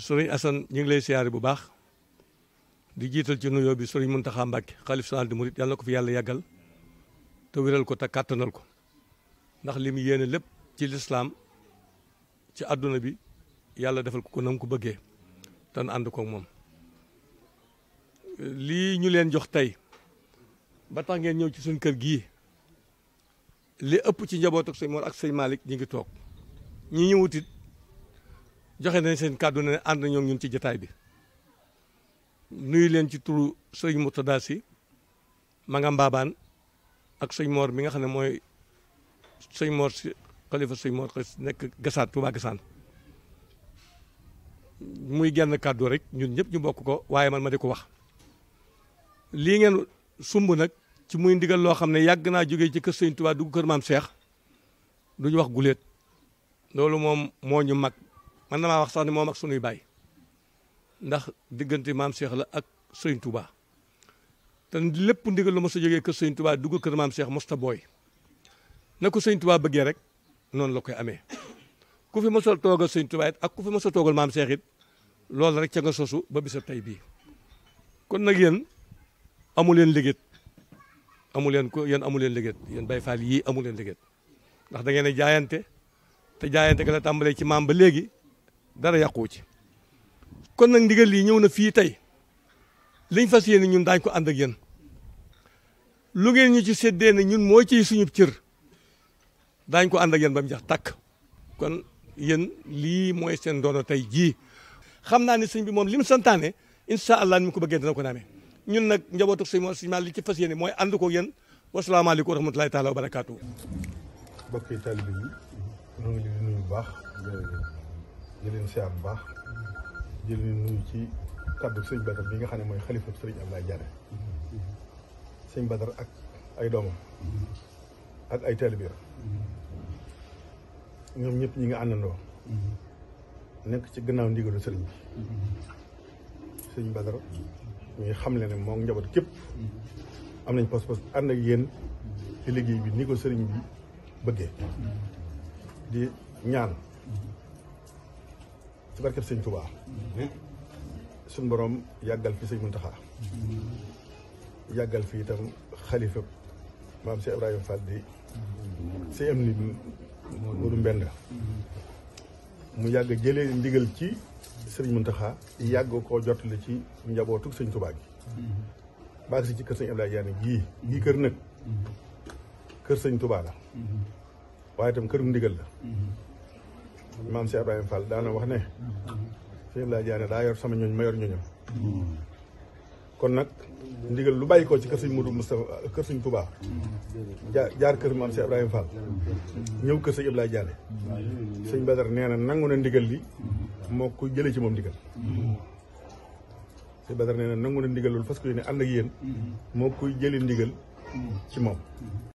sëriñ Assane ñu ngi lay siyaré bu baax di jiital ci nuyo bi sëriñ Mountakha Mbacke Khalif Sall des Mouride Yalla ko fi Yalla yagal te wiral ko ta katanal ko ndax limi yene lepp ci l'islam ci aduna bi Yalla defal ko ko nam ko bëggee tan and ko mom li ñu leen jox tay ba tax ngeen ñew ci suñu kër gi li ëpp ci njaboot ak Mor ak sëñ Malik ñi ngi tok ñi ñewutit joxe nañ seen kàddu ne ànd ñoom ñun ci jataay bi nuyu leen ci turu sëñ Murtada si ma nga mbaabaan ak sëñ Mor mi nga xam ne mooy sëñ Mor si xalifa sëñ Mor nekk gasaan Tuubaa gasaan muy genn kàddu rek ñun ñëpp ñu bokk ko waaye man ma di ko wax lii ngeen sumb nag ci muy ndigal loo xam ne yàgg naa jógee ci kër sëñ Tuubaa dugg kër maam Cheikh duñu wax loolu moom moo ñu mag man damaa wax sax ni moom ak sunuy baay ndax diggante maam seex la ak Sëñ Touba te lépp ndigal lu mos a jógee kër Sëñ Touba dugg kër maam Cheikh mosta booy na ko Sëñ Touba bëggee rek noonu la koy amee ku fi mos a toogal Sëñ Touba ak ku fi mos toogal maam Cheikh loolu rek ca nga sosu ba bisa tey bii kon nag yéen amu leen liggéey amu leen ko yéen amu leen liggéey yéen bay faa yii amul leen liggéey ndax da ngeen jaayante te jaayante ga la tàmbalee ci maam ba léegi. dara yàquwu ci kon nag ndigal lii ñëw na fii tey liñ fas yéene ñun daañu ko ànd ak yéen ñu ci séddee na ñun mooy ciy suñu cir daañu ko ànd ak yéen ba mu jeex kon yéen lii mooy seen doono tey jii xam naa ni suñ bi moom li mu santaane incha allah ni mu ko bëggee dina ko naamee ñun nag njabootu sëñ ma Simal li ci fas yéene mooy ànd ko yéen wasalaamaaleykum wa rahmatulahi taala wa barakaatu. mbokk yi taalibe yi ñu ngi leen di baax. jëlin ci am baax jëlin leen nuyu ci kaddu sëñ Badar bi nga xamne moy khalifa xalifa sëriñ Abdoulaye Diané sëñ Badar ak ay doomam ak ay taalibe ñom ñëpp ñi nga andando nek ci gënaaw ndigalu sëriñ bi sëñ Badar ñuy xamle ne moom njaboot kep am nañ pas-pas and ak yeen ci liggéey bi ni ko sëriñ bi bëggee di ñaan ci barkeb sëñ Touba suñ borom yàggal fi sëñ Muntaxa yàggal fi itam xalifa maam si Ibrahima Fall di si am ni Modou Mbenda mu yàgg jëlee ndigal ci sëriñ Muntaxa yàgg koo jotale ci njabootu sëñ Touba gi baag si ci kër sëñ Abdoulaye Diané gii gii kër nag kër sëñ Touba la waaye itam kërum ndigal la maam si Ibrahima Fall daana wax ne sëñ Abdoulaye Diané daa yor ñooñ ma yor kon nag ndigal lu bàyyi ko ci kër sëñ Modou Moustapha kër sëñ Touba jaar kër maam si Ibrahima Fall ñëw kër sëñ Abdoulaye sëñ Badar nee na nangu na ndigal li moo ko jëlee ci moom ndigal sëñ Badar nee na nangu na ndigal loolu fas ko yéene ànd ak yéen moo koy jëlee ndigal ci moom